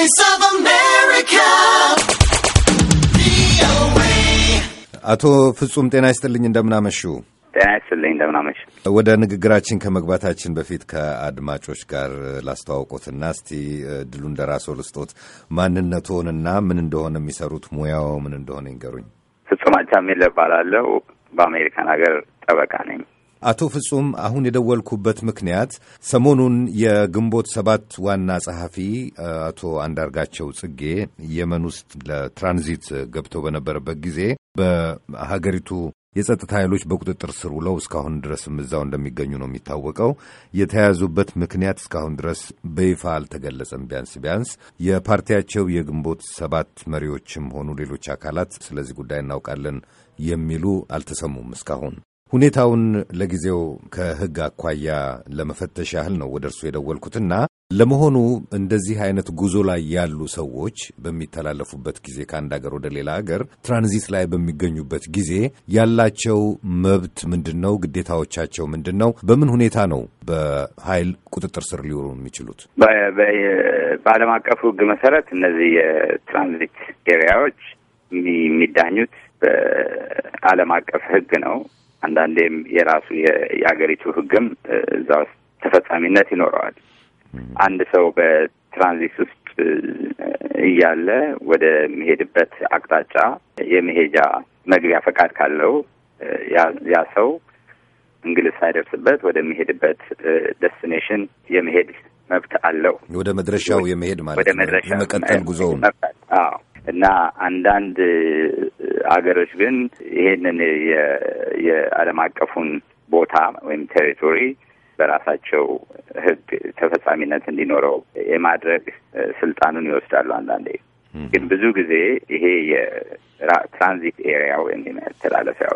Voice of America. አቶ ፍጹም ጤና ይስጥልኝ፣ እንደምናመሹ። ጤና ይስጥልኝ፣ እንደምናመሽ። ወደ ንግግራችን ከመግባታችን በፊት ከአድማጮች ጋር ላስተዋውቆትና እስቲ ድሉ እንደ ለራስዎ ልስጦት። ማንነትዎንና ምን እንደሆነ የሚሰሩት ሙያው ምን እንደሆነ ይንገሩኝ። ፍጹም አቻሜ እባላለሁ። በአሜሪካን ሀገር ጠበቃ ነኝ። አቶ ፍጹም አሁን የደወልኩበት ምክንያት ሰሞኑን የግንቦት ሰባት ዋና ጸሐፊ አቶ አንዳርጋቸው ጽጌ የመን ውስጥ ለትራንዚት ገብተው በነበረበት ጊዜ በሀገሪቱ የጸጥታ ኃይሎች በቁጥጥር ስር ውለው እስካሁን ድረስም እዛው እንደሚገኙ ነው የሚታወቀው። የተያዙበት ምክንያት እስካሁን ድረስ በይፋ አልተገለጸም። ቢያንስ ቢያንስ የፓርቲያቸው የግንቦት ሰባት መሪዎችም ሆኑ ሌሎች አካላት ስለዚህ ጉዳይ እናውቃለን የሚሉ አልተሰሙም እስካሁን። ሁኔታውን ለጊዜው ከሕግ አኳያ ለመፈተሽ ያህል ነው ወደ እርሱ የደወልኩትና ለመሆኑ እንደዚህ አይነት ጉዞ ላይ ያሉ ሰዎች በሚተላለፉበት ጊዜ ከአንድ አገር ወደ ሌላ አገር ትራንዚት ላይ በሚገኙበት ጊዜ ያላቸው መብት ምንድን ነው? ግዴታዎቻቸው ምንድን ነው? በምን ሁኔታ ነው በኃይል ቁጥጥር ስር ሊውሉ የሚችሉት? በዓለም አቀፉ ሕግ መሰረት እነዚህ የትራንዚት ኤሪያዎች የሚዳኙት በዓለም አቀፍ ሕግ ነው። አንዳንዴም የራሱ የአገሪቱ ህግም እዛ ውስጥ ተፈጻሚነት ይኖረዋል። አንድ ሰው በትራንዚት ውስጥ እያለ ወደ መሄድበት አቅጣጫ የመሄጃ መግቢያ ፈቃድ ካለው ያ ሰው እንግልት ሳይደርስበት ወደ መሄድበት ደስቲኔሽን የመሄድ መብት አለው። ወደ መድረሻው የመሄድ ማለት ነው። የመቀጠል ጉዞውን አዎ እና አንዳንድ አገሮች ግን ይሄንን የዓለም አቀፉን ቦታ ወይም ቴሪቶሪ በራሳቸው ሕግ ተፈጻሚነት እንዲኖረው የማድረግ ስልጣኑን ይወስዳሉ። አንዳንዴ ግን ብዙ ጊዜ ይሄ የትራንዚት ኤሪያ ወይም የመተላለፊያ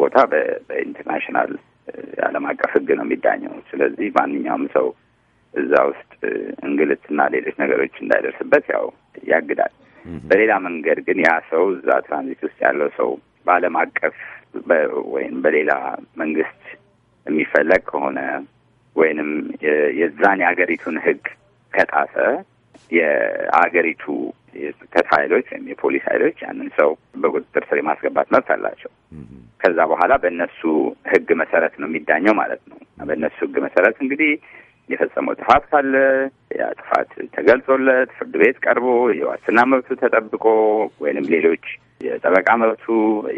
ቦታ በኢንተርናሽናል የዓለም አቀፍ ሕግ ነው የሚዳኘው። ስለዚህ ማንኛውም ሰው እዛ ውስጥ እንግልትና ሌሎች ነገሮች እንዳይደርስበት ያው ያግዳል። በሌላ መንገድ ግን ያ ሰው እዛ ትራንዚት ውስጥ ያለው ሰው በዓለም አቀፍ ወይም በሌላ መንግስት የሚፈለግ ከሆነ ወይንም የዛን የአገሪቱን ሕግ ከጣሰ የአገሪቱ የጸጥታ ኃይሎች ወይም የፖሊስ ኃይሎች ያንን ሰው በቁጥጥር ስር የማስገባት መብት አላቸው። ከዛ በኋላ በእነሱ ሕግ መሰረት ነው የሚዳኘው ማለት ነው። በእነሱ ሕግ መሰረት እንግዲህ የፈጸመው ጥፋት ካለ ያ ጥፋት ተገልጾለት ፍርድ ቤት ቀርቦ የዋስትና መብቱ ተጠብቆ ወይንም ሌሎች የጠበቃ መብቱ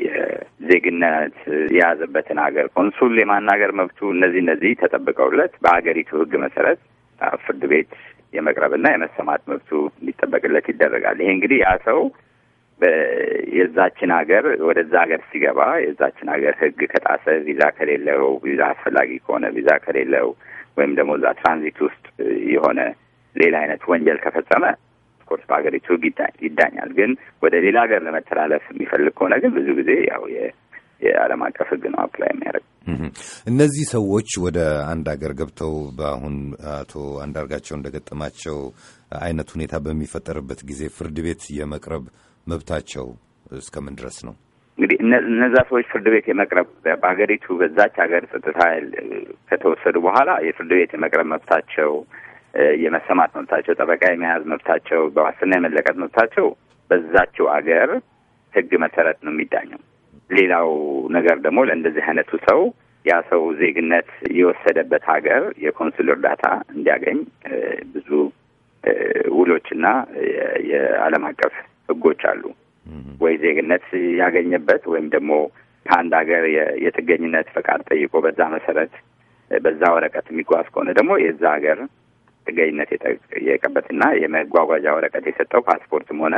የዜግነት የያዘበትን ሀገር ኮንሱል የማናገር መብቱ እነዚህ እነዚህ ተጠብቀውለት በሀገሪቱ ሕግ መሰረት ፍርድ ቤት የመቅረብና የመሰማት መብቱ እንዲጠበቅለት ይደረጋል። ይሄ እንግዲህ ያ ሰው የዛችን ሀገር ወደዛ ሀገር ሲገባ የዛችን ሀገር ሕግ ከጣሰ ቪዛ ከሌለው ቪዛ አስፈላጊ ከሆነ ቪዛ ከሌለው ወይም ደግሞ እዛ ትራንዚት ውስጥ የሆነ ሌላ አይነት ወንጀል ከፈጸመ ኦፍኮርስ በሀገሪቱ ይዳኛል። ግን ወደ ሌላ ሀገር ለመተላለፍ የሚፈልግ ከሆነ ግን ብዙ ጊዜ ያው የዓለም አቀፍ ህግ ነው አፕላይ የሚያደርግ። እነዚህ ሰዎች ወደ አንድ ሀገር ገብተው በአሁን አቶ አንዳርጋቸው እንደገጠማቸው አይነት ሁኔታ በሚፈጠርበት ጊዜ ፍርድ ቤት የመቅረብ መብታቸው እስከምን ድረስ ነው? እንግዲህ እነዛ ሰዎች ፍርድ ቤት የመቅረብ በሀገሪቱ በዛች ሀገር ጸጥታ ከተወሰዱ በኋላ የፍርድ ቤት የመቅረብ መብታቸው፣ የመሰማት መብታቸው፣ ጠበቃ የመያዝ መብታቸው፣ በዋስትና የመለቀት መብታቸው በዛችው አገር ህግ መሰረት ነው የሚዳኘው። ሌላው ነገር ደግሞ ለእንደዚህ አይነቱ ሰው ያ ሰው ዜግነት የወሰደበት ሀገር የኮንሱል እርዳታ እንዲያገኝ ብዙ ውሎችና የዓለም አቀፍ ህጎች አሉ። ወይ ዜግነት ያገኘበት ወይም ደግሞ ከአንድ ሀገር የጥገኝነት ፈቃድ ጠይቆ በዛ መሰረት በዛ ወረቀት የሚጓዝ ከሆነ ደግሞ የዛ ሀገር ጥገኝነት የጠየቀበትና የመጓጓዣ ወረቀት የሰጠው ፓስፖርትም ሆነ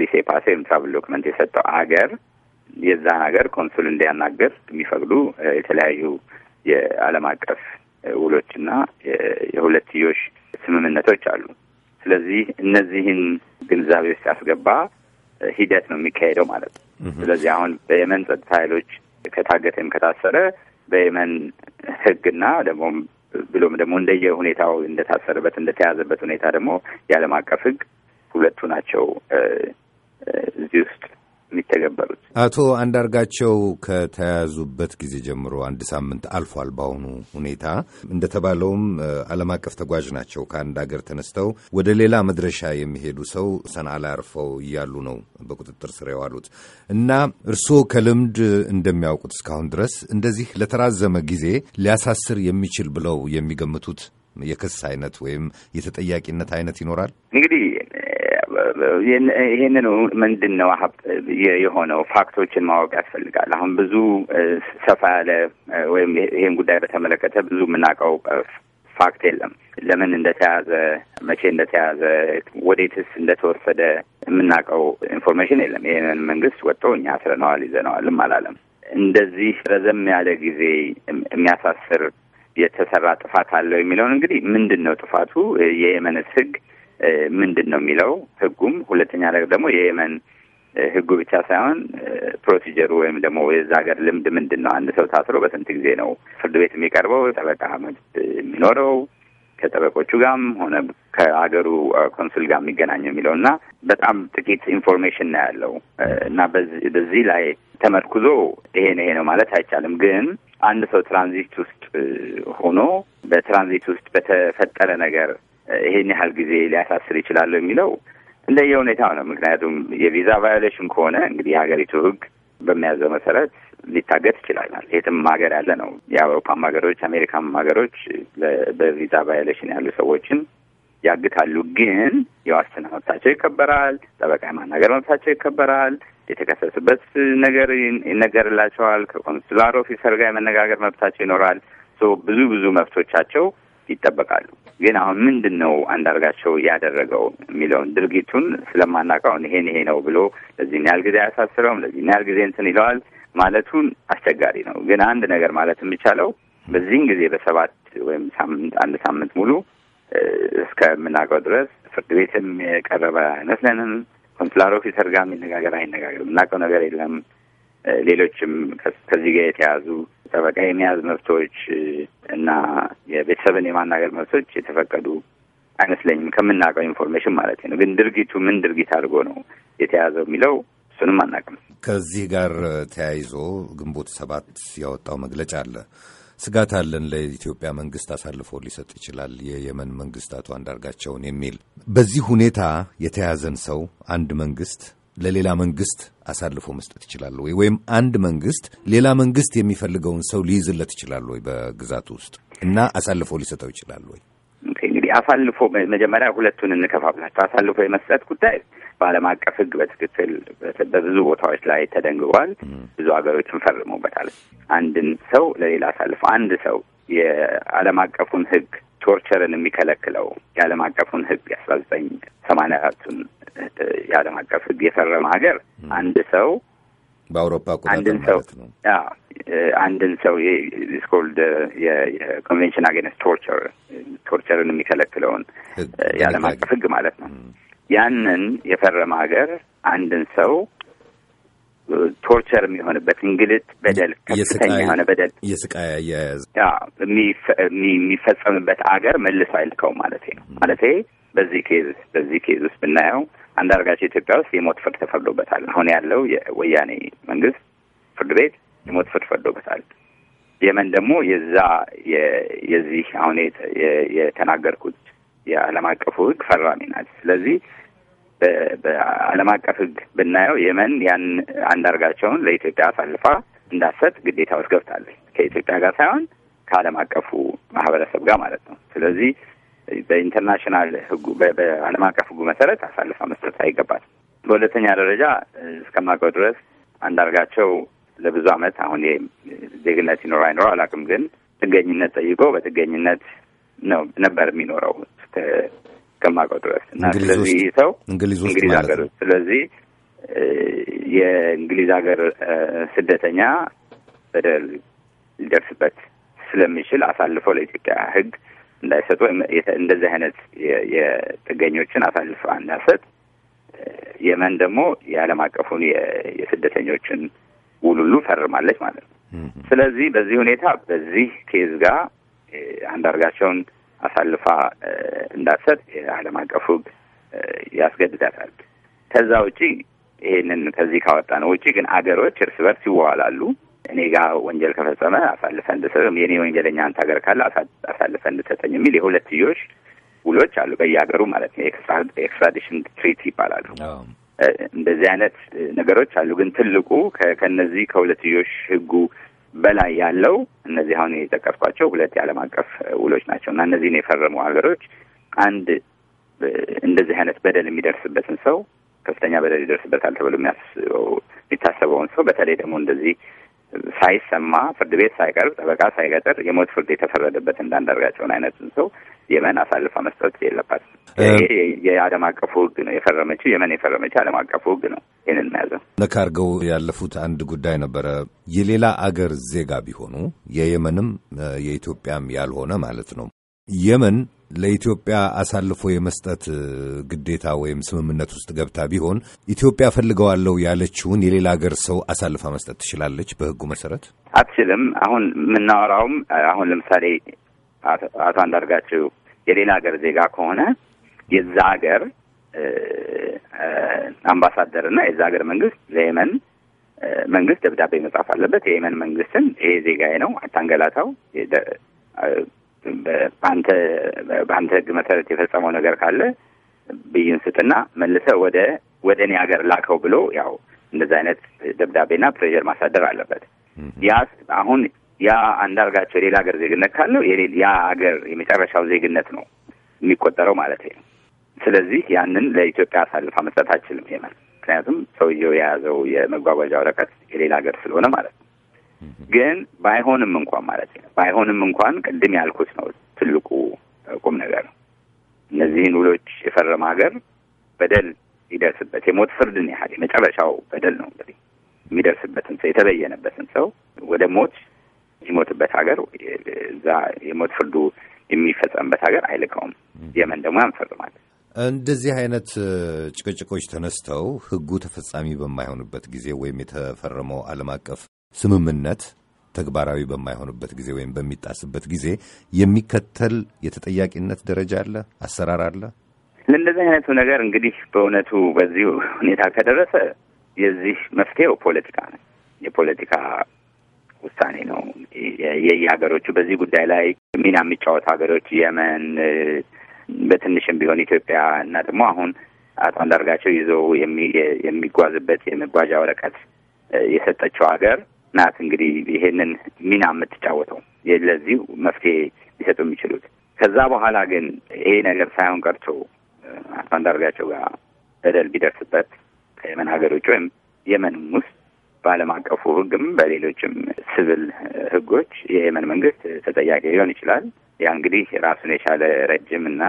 ሊሴ ፓሴ ወይም ትራቭል ዶክመንት የሰጠው ሀገር የዛን ሀገር ኮንሱል እንዲያናገር የሚፈቅዱ የተለያዩ የዓለም አቀፍ ውሎችና የሁለትዮሽ ስምምነቶች አሉ። ስለዚህ እነዚህን ግንዛቤ ውስጥ ያስገባ ሂደት ነው የሚካሄደው ማለት ነው። ስለዚህ አሁን በየመን ጸጥታ ኃይሎች ከታገተም ከታሰረ በየመን ህግና ደግሞ ብሎም ደግሞ እንደየ ሁኔታው እንደታሰረበት እንደተያዘበት ሁኔታ ደግሞ የዓለም አቀፍ ህግ ሁለቱ ናቸው እዚህ ውስጥ የሚተገበሩት። አቶ አንዳርጋቸው ከተያዙበት ጊዜ ጀምሮ አንድ ሳምንት አልፏል። በአሁኑ ሁኔታ እንደተባለውም ዓለም አቀፍ ተጓዥ ናቸው። ከአንድ ሀገር ተነስተው ወደ ሌላ መድረሻ የሚሄዱ ሰው ሰንዓ ላይ አርፈው እያሉ ነው በቁጥጥር ስር የዋሉት እና እርስዎ ከልምድ እንደሚያውቁት እስካሁን ድረስ እንደዚህ ለተራዘመ ጊዜ ሊያሳስር የሚችል ብለው የሚገምቱት የክስ አይነት ወይም የተጠያቂነት አይነት ይኖራል? እንግዲህ ይህንን ምንድን ነው የሆነው ፋክቶችን ማወቅ ያስፈልጋል። አሁን ብዙ ሰፋ ያለ ወይም ይህን ጉዳይ በተመለከተ ብዙ የምናውቀው ፋክት የለም። ለምን እንደተያዘ፣ መቼ እንደተያዘ፣ ወዴትስ እንደተወሰደ የምናውቀው ኢንፎርሜሽን የለም። ይህንን መንግስት ወጥቶ እኛ አስረነዋል ይዘነዋልም አላለም። እንደዚህ ረዘም ያለ ጊዜ የሚያሳስር የተሰራ ጥፋት አለው የሚለውን እንግዲህ ምንድን ነው ጥፋቱ የየመንስ ህግ ምንድን ነው የሚለው ህጉም። ሁለተኛ ነገር ደግሞ የየመን ህጉ ብቻ ሳይሆን ፕሮሲጀሩ ወይም ደግሞ የዛ ሀገር ልምድ ምንድን ነው? አንድ ሰው ታስሮ በስንት ጊዜ ነው ፍርድ ቤት የሚቀርበው? ጠበቃ መብት የሚኖረው ከጠበቆቹ ጋርም ሆነ ከሀገሩ ኮንሱል ጋር የሚገናኘው የሚለው እና በጣም ጥቂት ኢንፎርሜሽን ነው ያለው እና በዚህ ላይ ተመርኩዞ ይሄን ይሄ ነው ማለት አይቻልም። ግን አንድ ሰው ትራንዚት ውስጥ ሆኖ በትራንዚት ውስጥ በተፈጠረ ነገር ይሄን ያህል ጊዜ ሊያሳስር ይችላሉ የሚለው እንደየ ሁኔታው ነው። ምክንያቱም የቪዛ ቫዮሌሽን ከሆነ እንግዲህ የሀገሪቱ ህግ በሚያዘው መሰረት ሊታገት ይችላል። የትም ሀገር ያለ ነው። የአውሮፓም ሀገሮች አሜሪካም ሀገሮች በቪዛ ቫዮሌሽን ያሉ ሰዎችን ያግታሉ። ግን የዋስትና መብታቸው ይከበራል። ጠበቃ የማናገር መብታቸው ይከበራል። የተከሰሱበት ነገር ይነገርላቸዋል። ከኮንስላር ኦፊሰር ጋር የመነጋገር መብታቸው ይኖራል። ብዙ ብዙ መብቶቻቸው ይጠበቃሉ። ግን አሁን ምንድን ነው አንዳርጋቸው ያደረገው የሚለውን ድርጊቱን ስለማናውቀው ይሄን ይሄ ነው ብሎ ለዚህን ያህል ጊዜ አያሳስረውም፣ ለዚህን ያህል ጊዜ እንትን ይለዋል ማለቱን አስቸጋሪ ነው። ግን አንድ ነገር ማለት የሚቻለው በዚህን ጊዜ በሰባት ወይም ሳምንት አንድ ሳምንት ሙሉ እስከምናውቀው ድረስ ፍርድ ቤትም የቀረበ አይመስለንም። ኮንስላር ኦፊሰር ጋር የሚነጋገር አይነጋገር የምናውቀው ነገር የለም ሌሎችም ከዚህ ጋር የተያዙ ጠበቃ የመያዝ መብቶች እና የቤተሰብን የማናገር መብቶች የተፈቀዱ አይመስለኝም፣ ከምናውቀው ኢንፎርሜሽን ማለት ነው። ግን ድርጊቱ ምን ድርጊት አድርጎ ነው የተያዘው የሚለው እሱንም አናውቅም። ከዚህ ጋር ተያይዞ ግንቦት ሰባት ያወጣው መግለጫ አለ። ስጋት አለን ለኢትዮጵያ መንግስት አሳልፎ ሊሰጥ ይችላል የየመን መንግስት አቶ አንዳርጋቸውን የሚል። በዚህ ሁኔታ የተያዘን ሰው አንድ መንግስት ለሌላ መንግስት አሳልፎ መስጠት ይችላል ወይ? ወይም አንድ መንግስት ሌላ መንግስት የሚፈልገውን ሰው ሊይዝለት ይችላል ወይ በግዛቱ ውስጥ እና አሳልፎ ሊሰጠው ይችላል ወይ? እንግዲህ አሳልፎ መጀመሪያ ሁለቱን እንከፋፍላቸው። አሳልፎ የመስጠት ጉዳይ በዓለም አቀፍ ህግ በትክክል በብዙ ቦታዎች ላይ ተደንግቧል። ብዙ ሀገሮችን ፈርመውበታል። አንድን ሰው ለሌላ አሳልፎ አንድ ሰው የዓለም አቀፉን ህግ ቶርቸርን የሚከለክለው የዓለም አቀፉን ህግ የአስራ ዘጠኝ ሰማንያ አራቱን የዓለም አቀፍ ሕግ የፈረመ ሀገር አንድ ሰው በአውሮፓ አንድን ሰው አንድን ሰው ስኮልድ የኮንቬንሽን አገነስ ቶርቸር ቶርቸርን የሚከለክለውን የዓለም አቀፍ ሕግ ማለት ነው። ያንን የፈረመ ሀገር አንድን ሰው ቶርቸር የሚሆንበት እንግልት፣ በደል፣ ከፍተኛ የሆነ በደል የስቃይ አያያዝ የሚፈጸምበት አገር መልሶ አይልከው ማለት ነው። ማለት በዚህ ኬዝ በዚህ ኬዝ ውስጥ ብናየው አንዳርጋቸው ኢትዮጵያ ውስጥ የሞት ፍርድ ተፈርዶበታል። አሁን ያለው የወያኔ መንግስት ፍርድ ቤት የሞት ፍርድ ፈርዶበታል። የመን ደግሞ የዛ የዚህ አሁን የተናገርኩት የዓለም አቀፉ ህግ ፈራሚ ናት። ስለዚህ በዓለም አቀፍ ህግ ብናየው የመን ያን አንዳርጋቸውን ለኢትዮጵያ አሳልፋ እንዳሰጥ ግዴታ ውስጥ ገብታለች። ከኢትዮጵያ ጋር ሳይሆን ከዓለም አቀፉ ማህበረሰብ ጋር ማለት ነው። ስለዚህ በኢንተርናሽናል ህጉ በዓለም አቀፍ ህጉ መሰረት አሳልፋ መስጠት አይገባትም። በሁለተኛ ደረጃ እስከማውቀው ድረስ አንዳርጋቸው ለብዙ አመት አሁን ዜግነት ይኖር አይኖረው አላውቅም፣ ግን ጥገኝነት ጠይቆ በጥገኝነት ነው ነበር የሚኖረው እስከማውቀው ድረስ እና ስለዚህ ይህ ሰው እንግሊዝ ሀገር ስለዚህ የእንግሊዝ ሀገር ስደተኛ በደል ሊደርስበት ስለሚችል አሳልፎ ለኢትዮጵያ ህግ እንዳይሰጡ እንደዚህ አይነት የጥገኞችን አሳልፎ እንዳሰጥ የመን ደግሞ የዓለም አቀፉን የስደተኞችን ውል ሁሉ ፈርማለች ማለት ነው። ስለዚህ በዚህ ሁኔታ በዚህ ኬዝ ጋር አንዳርጋቸውን አሳልፋ እንዳትሰጥ የዓለም አቀፉ ሕግ ያስገድዳታል። ከዛ ውጪ ይሄንን ከዚህ ካወጣ ነው ውጪ ግን አገሮች እርስ በርስ ይዋዋላሉ። እኔ ጋር ወንጀል ከፈጸመ አሳልፈ እንድሰጥ የእኔ ወንጀለኛ አንተ ሀገር ካለ አሳልፈ እንድሰጠኝ የሚል የሁለትዮሽ ውሎች አሉ በየሀገሩ ማለት ነው። ኤክስትራዲሽን ትሪት ይባላሉ። እንደዚህ አይነት ነገሮች አሉ። ግን ትልቁ ከእነዚህ ከሁለትዮሽ ህጉ በላይ ያለው እነዚህ አሁን የጠቀስኳቸው ሁለት የዓለም አቀፍ ውሎች ናቸው እና እነዚህን የፈረሙ ሀገሮች አንድ እንደዚህ አይነት በደል የሚደርስበትን ሰው ከፍተኛ በደል ይደርስበታል ተብሎ የሚታሰበውን ሰው በተለይ ደግሞ እንደዚህ ሳይሰማ ፍርድ ቤት ሳይቀርብ ጠበቃ ሳይቀጥር የሞት ፍርድ የተፈረደበት እንዳንዳርጋቸውን አይነትን ሰው የመን አሳልፋ መስጠት የለባት። ይሄ የዓለም አቀፉ ሕግ ነው የፈረመችው የመን የፈረመችው ዓለም አቀፉ ሕግ ነው። ይህንን መያዘ ልክ አድርገው ያለፉት አንድ ጉዳይ ነበረ። የሌላ አገር ዜጋ ቢሆኑ የየመንም የኢትዮጵያም ያልሆነ ማለት ነው የመን ለኢትዮጵያ አሳልፎ የመስጠት ግዴታ ወይም ስምምነት ውስጥ ገብታ ቢሆን ኢትዮጵያ ፈልገዋለሁ ያለችውን የሌላ ሀገር ሰው አሳልፋ መስጠት ትችላለች? በህጉ መሰረት አትችልም። አሁን የምናወራውም አሁን ለምሳሌ አቶ አንዳርጋቸው የሌላ ሀገር ዜጋ ከሆነ የዛ ሀገር አምባሳደር እና የዛ ሀገር መንግስት ለየመን መንግስት ደብዳቤ መጻፍ አለበት። የየመን መንግስትን ይሄ ዜጋዬ ነው አታንገላታው በአንተ በአንተ ህግ መሰረት የፈጸመው ነገር ካለ ብይን ስጥና መልሰ ወደ ወደ እኔ ሀገር ላከው ብሎ ያው እንደዚ አይነት ደብዳቤና ፕሬዠር ማሳደር አለበት። ያ አሁን ያ አንዳርጋቸው የሌላ ሀገር ዜግነት ካለው ያ ሀገር የመጨረሻው ዜግነት ነው የሚቆጠረው ማለት ነው። ስለዚህ ያንን ለኢትዮጵያ አሳልፋ መስጠት አችልም ይመል ምክንያቱም ሰውየው የያዘው የመጓጓዣ ወረቀት የሌላ ሀገር ስለሆነ ማለት ነው። ግን ባይሆንም እንኳን ማለት ነው ባይሆንም እንኳን ቅድም ያልኩት ነው ትልቁ ቁም ነገር ነው። እነዚህን ውሎች የፈረመ ሀገር በደል ሊደርስበት የሞት ፍርድን ያህል የመጨረሻው በደል ነው እንግዲህ የሚደርስበትን ሰው የተበየነበትን ሰው ወደ ሞት የሚሞትበት ሀገር እዛ የሞት ፍርዱ የሚፈጸምበት ሀገር አይልከውም። የመን ደግሞ ያንፈርማል። እንደዚህ አይነት ጭቅጭቆች ተነስተው ህጉ ተፈጻሚ በማይሆንበት ጊዜ ወይም የተፈረመው ዓለም አቀፍ ስምምነት ተግባራዊ በማይሆንበት ጊዜ ወይም በሚጣስበት ጊዜ የሚከተል የተጠያቂነት ደረጃ አለ፣ አሰራር አለ። ለእንደዚህ አይነቱ ነገር እንግዲህ በእውነቱ በዚህ ሁኔታ ከደረሰ የዚህ መፍትሄው ፖለቲካ ነው፣ የፖለቲካ ውሳኔ ነው። የየሀገሮቹ በዚህ ጉዳይ ላይ ሚና የሚጫወቱ ሀገሮች የመን፣ በትንሽም ቢሆን ኢትዮጵያ እና ደግሞ አሁን አቶ አንዳርጋቸው ይዘው የሚጓዝበት የመጓዣ ወረቀት የሰጠችው ሀገር ናት እንግዲህ ይሄንን ሚና የምትጫወተው ለዚሁ መፍትሄ ሊሰጡ የሚችሉት። ከዛ በኋላ ግን ይሄ ነገር ሳይሆን ቀርቶ አቶ አንዳርጋቸው ጋር በደል ቢደርስበት ከየመን ሀገሮች ወይም የመንም ውስጥ በዓለም አቀፉ ሕግም በሌሎችም ስብል ሕጎች የየመን መንግስት ተጠያቂ ሊሆን ይችላል። ያ እንግዲህ ራሱን የቻለ ረጅም እና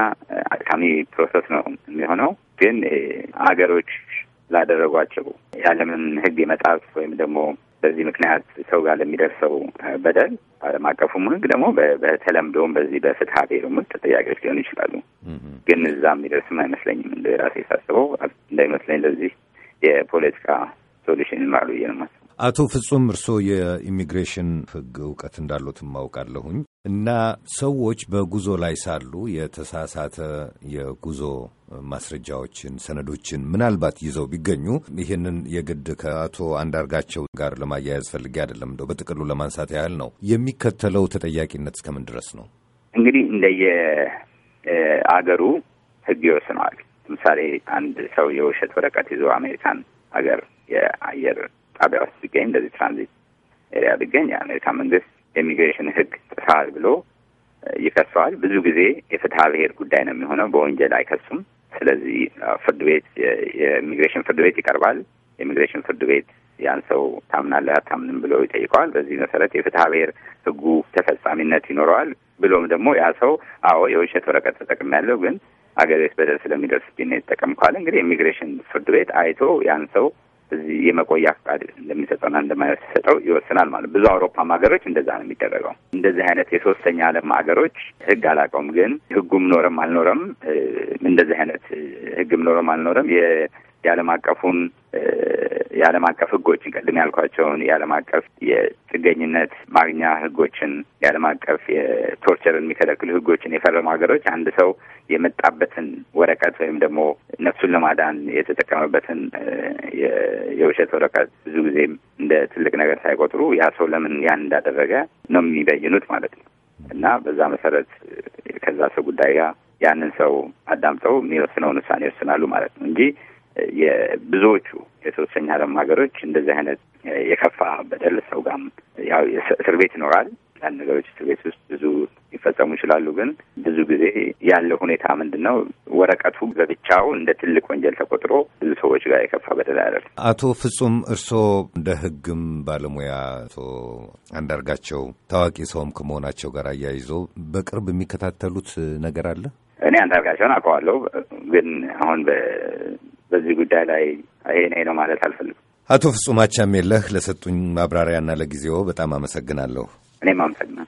አድካሚ ፕሮሰስ ነው የሚሆነው። ግን አገሮች ላደረጓቸው ያለምን ሕግ የመጣፍ ወይም ደግሞ በዚህ ምክንያት ሰው ጋር ለሚደርሰው በደል ዓለም አቀፉም ሕግ ደግሞ በተለምዶም በዚህ በፍትሐ ብሔሩም ውስጥ ተጠያቂዎች ሊሆኑ ይችላሉ። ግን እዛ የሚደርስም አይመስለኝም። እንደ ራሴ ሳስበው እንዳይመስለኝ ለዚህ የፖለቲካ ሶሉሽን ይኖራሉ ብዬ ነው የማስበው። አቶ ፍጹም እርስዎ የኢሚግሬሽን ሕግ እውቀት እንዳሉትም ማውቃለሁኝ። እና ሰዎች በጉዞ ላይ ሳሉ የተሳሳተ የጉዞ ማስረጃዎችን፣ ሰነዶችን ምናልባት ይዘው ቢገኙ ይህንን የግድ ከአቶ አንዳርጋቸው ጋር ለማያያዝ ፈልጌ አይደለም፣ እንደው በጥቅሉ ለማንሳት ያህል ነው። የሚከተለው ተጠያቂነት እስከምን ድረስ ነው? እንግዲህ እንደየ አገሩ ህግ ይወስነዋል። ለምሳሌ አንድ ሰው የውሸት ወረቀት ይዞ አሜሪካን ሀገር የአየር ጣቢያ ውስጥ ቢገኝ፣ እንደዚህ ትራንዚት ኤሪያ ቢገኝ የአሜሪካ መንግስት የኢሚግሬሽን ህግ ጥሰሃል ብሎ ይከሰዋል። ብዙ ጊዜ የፍትሐ ብሔር ጉዳይ ነው የሚሆነው። በወንጀል አይከሱም። ስለዚህ ፍርድ ቤት የኢሚግሬሽን ፍርድ ቤት ይቀርባል። የኢሚግሬሽን ፍርድ ቤት ያን ሰው ታምናለህ አታምንም ብሎ ይጠይቀዋል። በዚህ መሰረት የፍትሐ ብሔር ህጉ ተፈጻሚነት ይኖረዋል። ብሎም ደግሞ ያ ሰው አዎ የውሸት ወረቀት ተጠቅም ያለው ግን አገሬ ቤት በደል ስለሚደርስብኝ ነው የተጠቀምኳል። እንግዲህ የኢሚግሬሽን ፍርድ ቤት አይቶ ያን ሰው የመቆያ ፍቃድ እንደሚሰጠውና እንደማይሰጠው ይወስናል ማለት ብዙ አውሮፓም ሀገሮች እንደዛ ነው የሚደረገው። እንደዚህ አይነት የሶስተኛ ዓለም ሀገሮች ህግ አላውቀውም፣ ግን ህጉም ኖረም አልኖረም እንደዚህ አይነት ህግም ኖረም አልኖረም የዓለም አቀፉን የዓለም አቀፍ ህጎችን ቅድም ያልኳቸውን የዓለም አቀፍ የጥገኝነት ማግኛ ህጎችን የዓለም አቀፍ የቶርቸርን የሚከለክሉ ህጎችን የፈረሙ ሀገሮች አንድ ሰው የመጣበትን ወረቀት ወይም ደግሞ ነፍሱን ለማዳን የተጠቀመበትን የውሸት ወረቀት ብዙ ጊዜም እንደ ትልቅ ነገር ሳይቆጥሩ ያ ሰው ለምን ያን እንዳደረገ ነው የሚበይኑት ማለት ነው እና በዛ መሰረት ከዛ ሰው ጉዳይ ጋር ያንን ሰው አዳምጠው የሚወስነውን ውሳኔ ይወስናሉ ማለት ነው እንጂ ብዙዎቹ የሶስተኛ ዓለም ሀገሮች እንደዚህ አይነት የከፋ በደል ሰው ጋም ያው እስር ቤት ይኖራል። አንዳንድ ነገሮች እስር ቤት ውስጥ ብዙ ሊፈጸሙ ይችላሉ። ግን ብዙ ጊዜ ያለ ሁኔታ ምንድን ነው? ወረቀቱ በብቻው እንደ ትልቅ ወንጀል ተቆጥሮ ብዙ ሰዎች ጋር የከፋ በደል አይደለም። አቶ ፍጹም እርስዎ እንደ ህግም ባለሙያ አቶ አንዳርጋቸው ታዋቂ ሰውም ከመሆናቸው ጋር አያይዞ በቅርብ የሚከታተሉት ነገር አለ? እኔ አንዳርጋቸውን አውቀዋለሁ። ግን አሁን በዚህ ጉዳይ ላይ ይሄ ነው ማለት አልፈልግም። አቶ ፍጹም አቻሜለህ ለሰጡኝ ማብራሪያና ለጊዜው በጣም አመሰግናለሁ። እኔም አመሰግናለሁ።